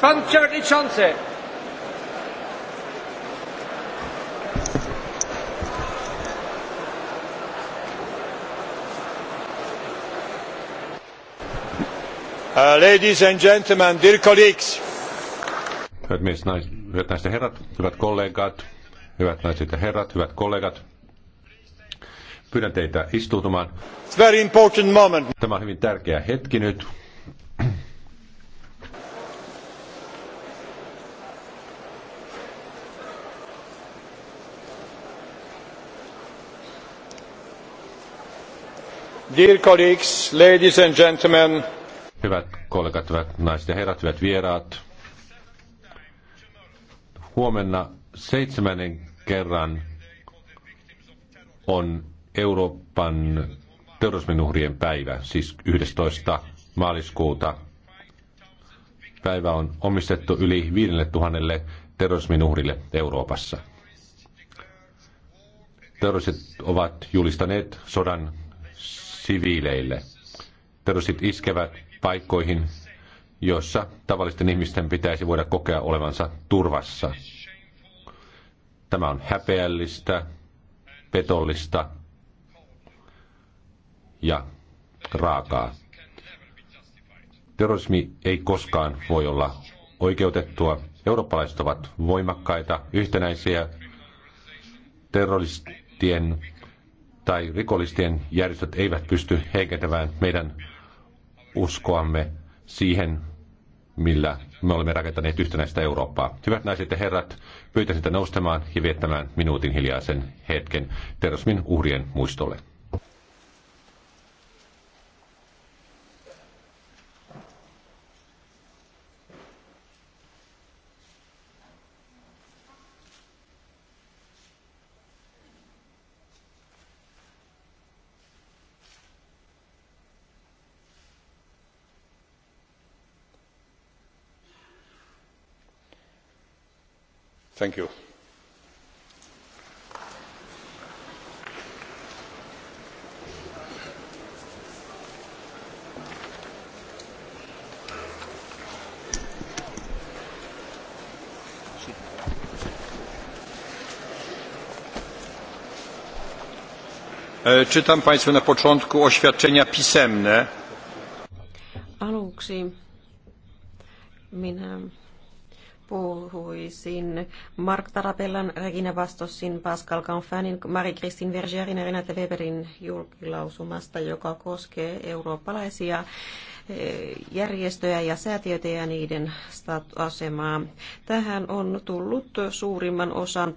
Pan Przewodniczący! Uh, ladies and gentlemen, dear colleagues. Hyvät, mies, nais, hyvät naiset ja herrat, hyvät kollegat, hyvät naiset ja herrat, hyvät kollegat. Pyydän teitä istuutumaan. It's very important moment. Tämä on hyvin tärkeä hetki nyt. Dear colleagues, ladies and gentlemen. Hyvät kollegat, hyvät naiset ja herrat, hyvät vieraat. Huomenna seitsemännen kerran on Euroopan terrorismin uhrien päivä, siis 11. maaliskuuta. Päivä on omistettu yli 5000 terrorismin uhrille Euroopassa terroristit ovat julistaneet sodan siviileille. Terroristit iskevät paikkoihin, joissa tavallisten ihmisten pitäisi voida kokea olevansa turvassa. Tämä on häpeällistä, petollista ja raakaa. Terrorismi ei koskaan voi olla oikeutettua. Eurooppalaiset ovat voimakkaita, yhtenäisiä. Terroristien tai rikollisten järjestöt eivät pysty heikentämään meidän uskoamme siihen, millä me olemme rakentaneet yhtenäistä Eurooppaa. Hyvät naiset ja herrat, pyytäisin teitä nousemaan ja viettämään minuutin hiljaisen hetken terrorismin uhrien muistolle. Thank you. E, czytam Państwu na początku oświadczenia pisemne. Aluksi minä puhuisin Mark Tarapellan, Regina Vastossin, Pascal Canfanin, Marie-Christine Vergerin ja Renate Weberin julkilausumasta, joka koskee eurooppalaisia eh, järjestöjä ja säätiöitä ja niiden asemaa. Tähän on tullut suurimman osan